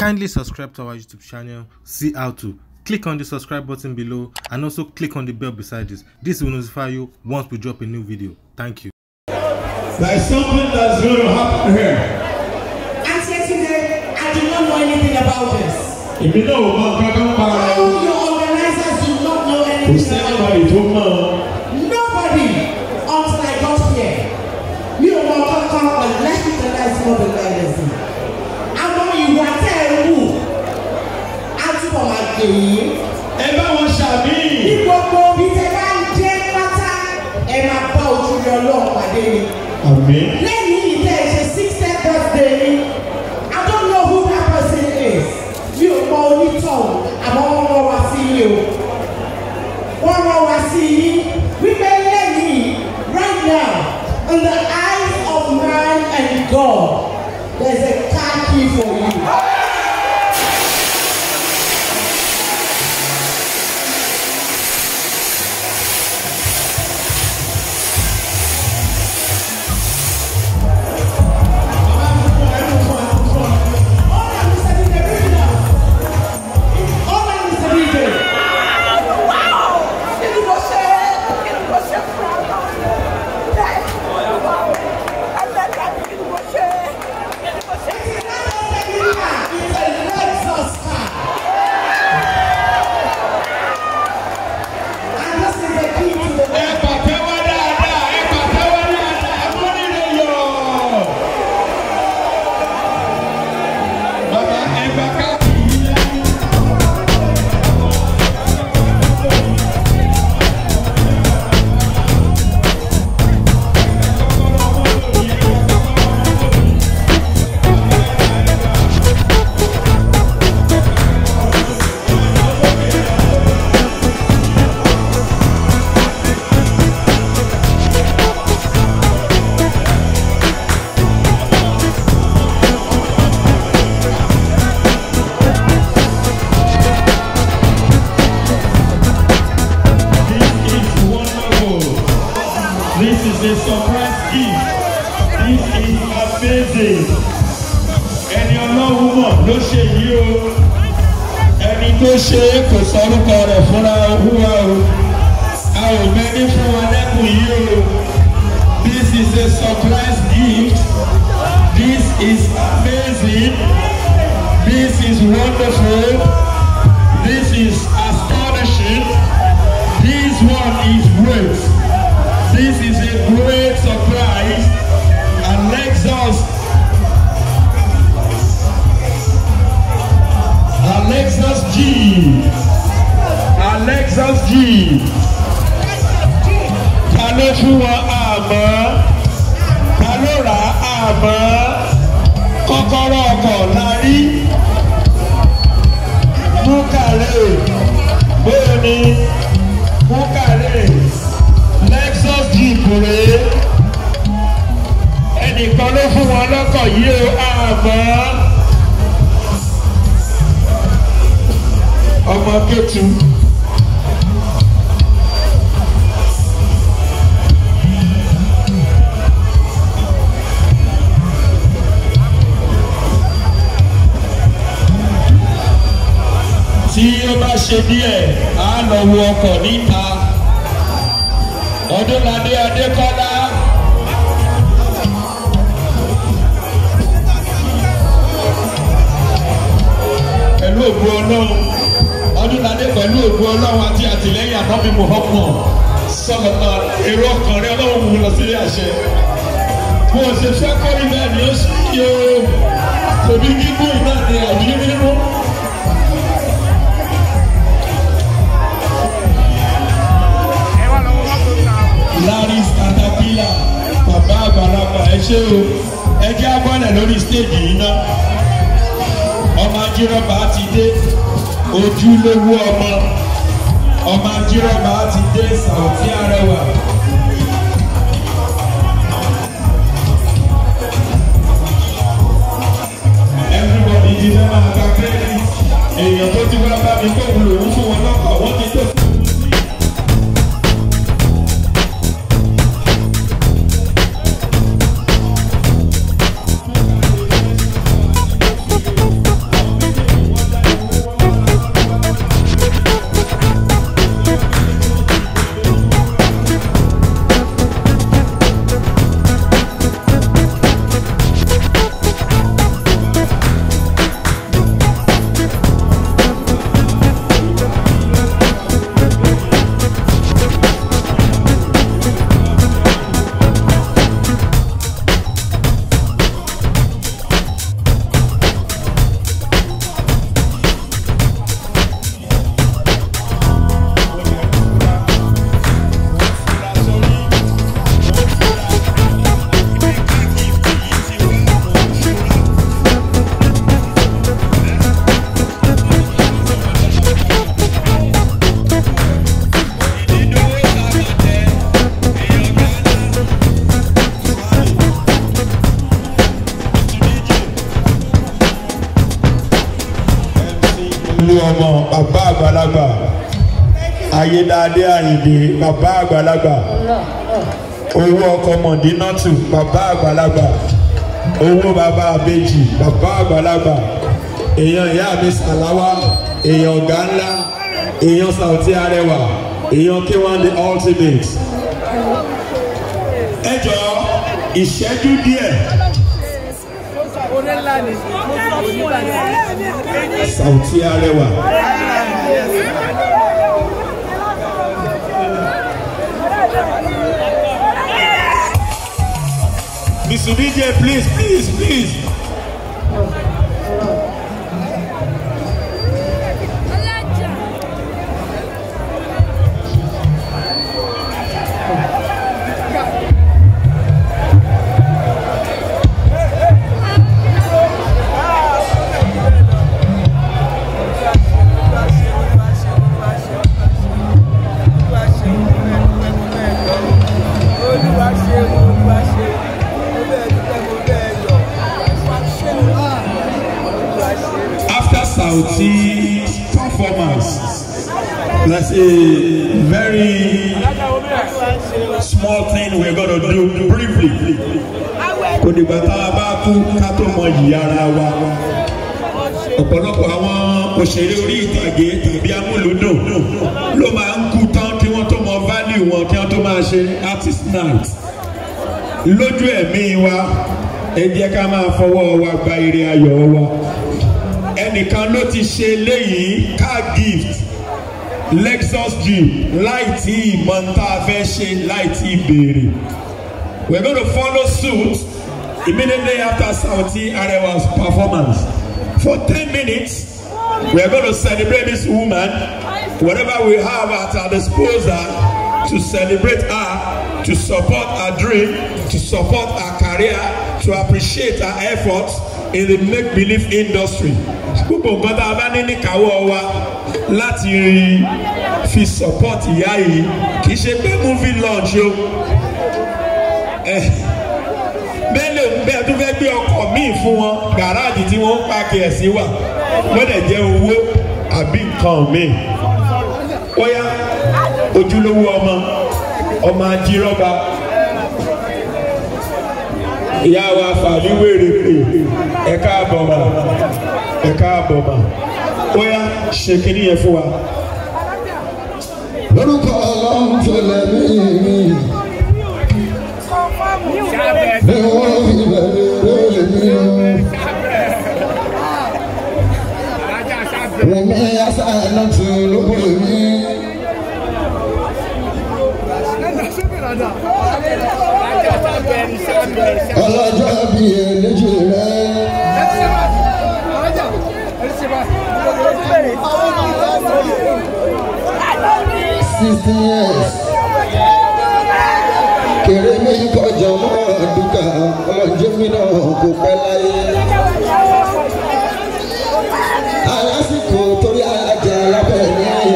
Kindly subscribe to our YouTube channel, see how to. Click on the subscribe button below and also click on the bell beside this. This will notify you once we drop a new video. Thank you. There's something that's going to happen here. Until today, know about this. If you organizers do not know anything about this. yìí. ẹ bá wọn ṣàmì. ní gbogbo omi tẹ bá ń dé pátá ẹ máa bá ojú rẹ ọlọ́run pàdé ni. lẹ́yìn. a surprise gift. This is amazing. Ẹni ọlọ́run mọ̀ ló ṣe yìí o. Ẹni tó ṣe é kò sọ́rúkọ rẹ̀ fúnra wúwa o. A ò mẹ́ni fún wọn lẹ́kùn yìí o. This is a surprise gift. This is amazing. This is wonderful. This is astonishing. This one is great. This is a great surprise and Lexus G Alexus G ọmọ yìí o àmọ́ ọmọ kẹtù. tí ó bá ṣe díẹ̀ á lọ wo ọkọ̀ níta ọdúnladé adékọ́lá. pẹ̀lú òbu ọlọ́run ọdúnladé pẹ̀lú òbu ọlọ́run àti àtìlẹ́yìn àtọ́mi Muhammad sọlọ́tà èrò ọkàn rẹ ọlọ́run mú lọ sílé àṣẹ mo ṣe fẹ́ kọ́rí bẹ́ẹ̀ ni ó ṣe yẹ o kò bí gígùn náà ni àbí nínú. Laris Caterpillar bàbá àgbàlagbà ẹ ṣé o ẹ jẹ́ agbọ́nẹ̀ lórí stéèjì yìí náà ọmọ ajírọ́bà ti dé ojúlówó ọmọ ọmọ ajírọ́bà ti dé Saoty Arẹwà. everybody ti fẹ́ máa gba èèyàn tó ti wá bá mi kó òun lòún wọn lọ́kọ̀ wọ́n ti tó. bàbá àgbàlagbà ayédáadé àyìndé bàbá àgbàlagbà owó ọkọ mọ̀dínátù bàbá àgbàlagbà owó bàbá àbèjì bàbá àgbàlagbà èèyàn ìyá mi sàláwá èèyàn ọ̀gá ńlá èèyàn sàùtí arẹwà èèyàn k1 the ultimate ẹ jọ ìṣẹ́jú díẹ̀. Sàùtì Arẹwà. Mr. DJ, please, please, please. see performance. That's a very small thing we're gonna do briefly. Kò dìgbà tá a bá kú ká tó mọ ìyá ara wa. Ọ̀pọ̀lọpọ̀ àwọn òṣèré orí ìtàgé tàbí amúlùdùn ló máa ń kú tán kí wọ́n tó mọ value wọn kí wọ́n tó máa ṣe artist night. Lójú ẹ̀mí wa, ẹ jẹ́ ká máa fọwọ́ wa gba ire ayọ̀ wa ẹnìkan ló ti ṣe léyìí car gift Lexus jeep láì tí ìmọ̀ ń tá a fẹ́ ṣe láì ìbéèrè we are going to follow suit immediately after Saoty Arewa's performance for ten minutes we are going to celebrate this woman whatever we have at our disposal to celebrate her to support her dream to support her career to appreciate her efforts in the make believe industry púpọ̀ nǹkan tá a bá ní níkàáwọ́ wa láti rìn fi support ìyá yìí kì í ṣe pé movie launch o eh. bẹ́ẹ̀ lè bẹ́ẹ̀ tó fẹ́ gbé ọkọ̀ míì fún wọn gàràjì tí wọ́n ń pààkì ẹ̀ sí wà lọ́dẹ̀ jẹ́ owó àbí nǹkan míì bóyá ojúlówó ọmọ ọmọ ajírọ́ba ìyá wa fàlíwèrè pè é ẹ káàbọ̀ mà ẹ káàbọ̀ mà ó yá ṣèkínní yẹn fún wa. lórúkọ ọlọ́run. sixty years. kèrè mi kọjọ mọ́ àdúgbà ọmọ jẹ́mi náà kò pẹ́ láyé. alásìkò torí alájà lábẹ́ ní ààyè.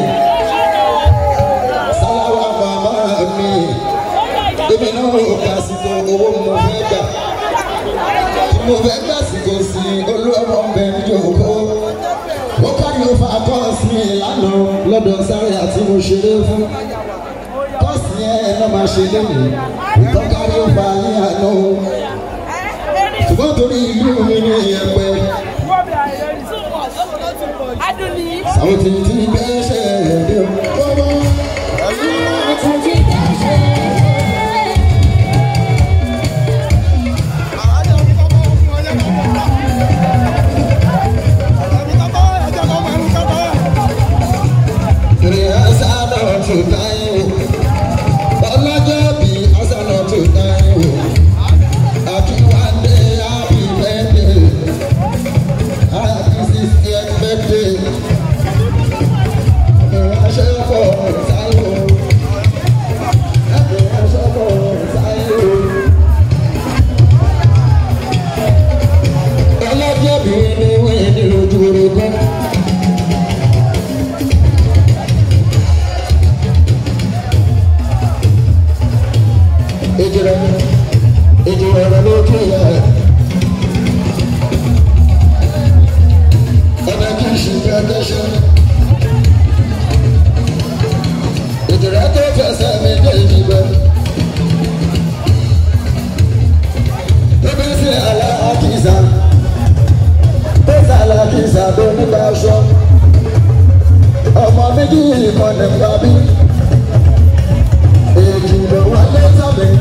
sáláwá màmá mi èmi náà kà sí owó mo fẹ́ gbà. mo fẹ́ gbà sí kò sí. àná lọ́dọ̀ sáré àti mo ṣeré fún tọ́sí yẹn náà máa ṣe lónìí ìtọ́kárí ó fa yín àná ṣùgbọ́n torí ìlú mi ní ìyẹn pẹ́. àwọn tìǹtìǹ bẹ́ẹ̀. tẹ́sàlà kì í sàbẹ̀ nígbà aṣọ ọmọ méjì ìmọ̀ nígbà bí èjì ló wà lẹ́sàbẹ̀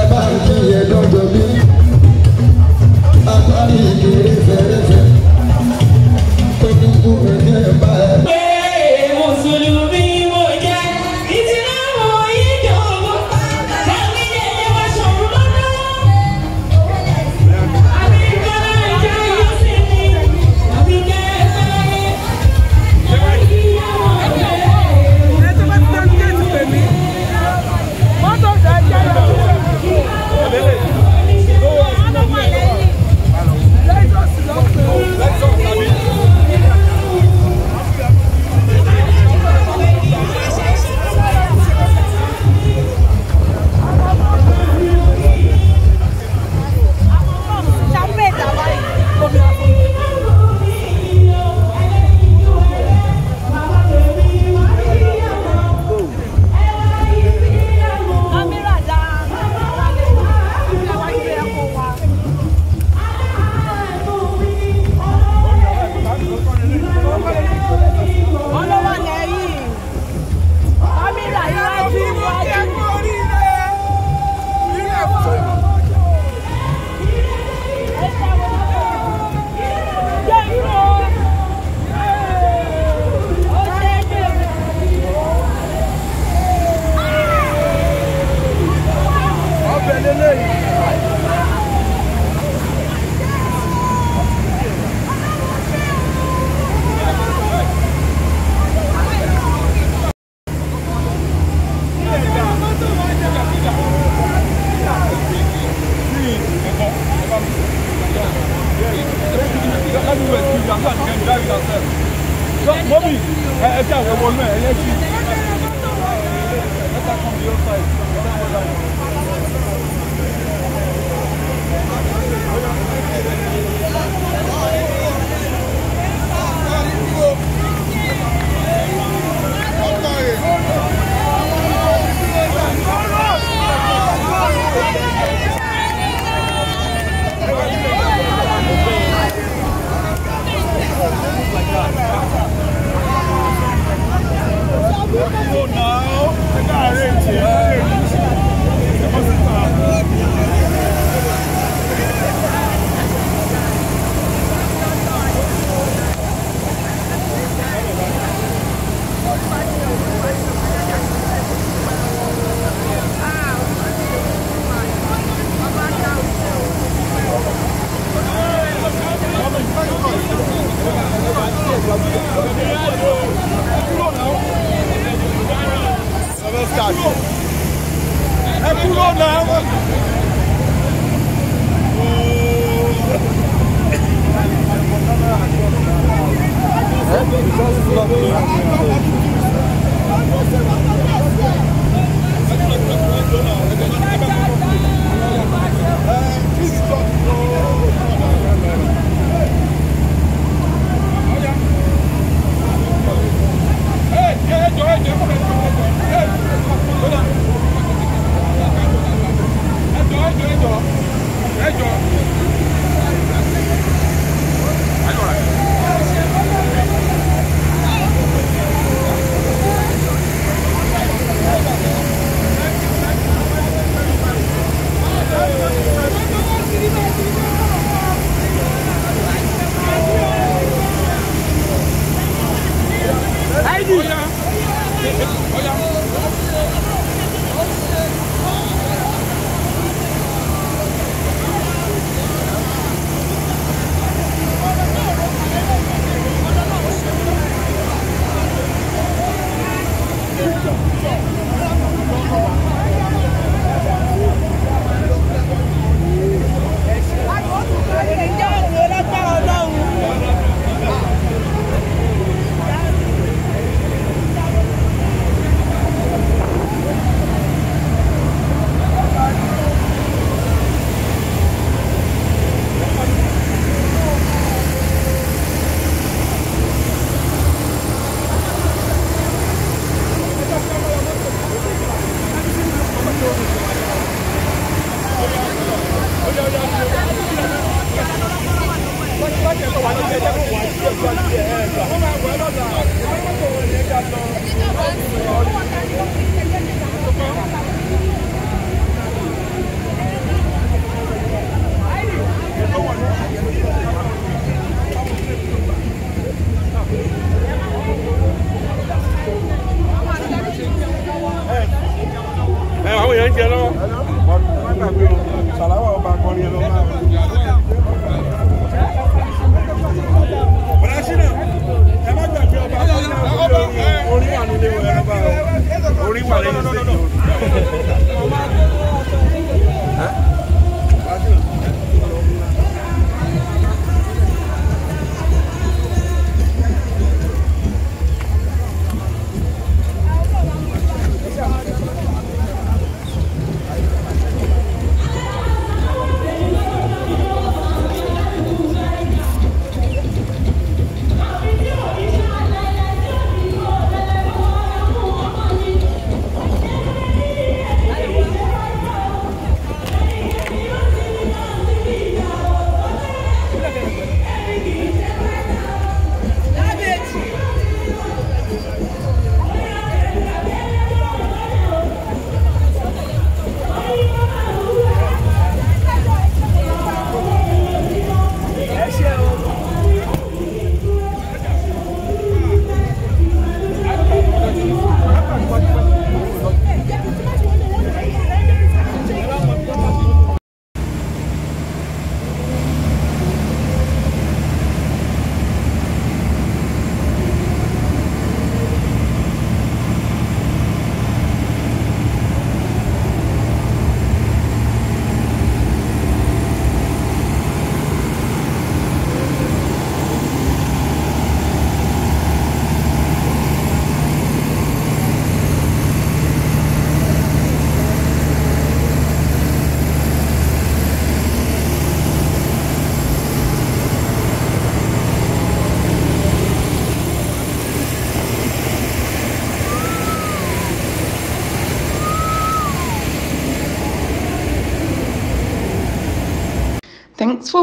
ẹ bá ń kí yẹn lọ́dọ̀ bí apá ìkiri fẹ́rẹ́fẹ́ tó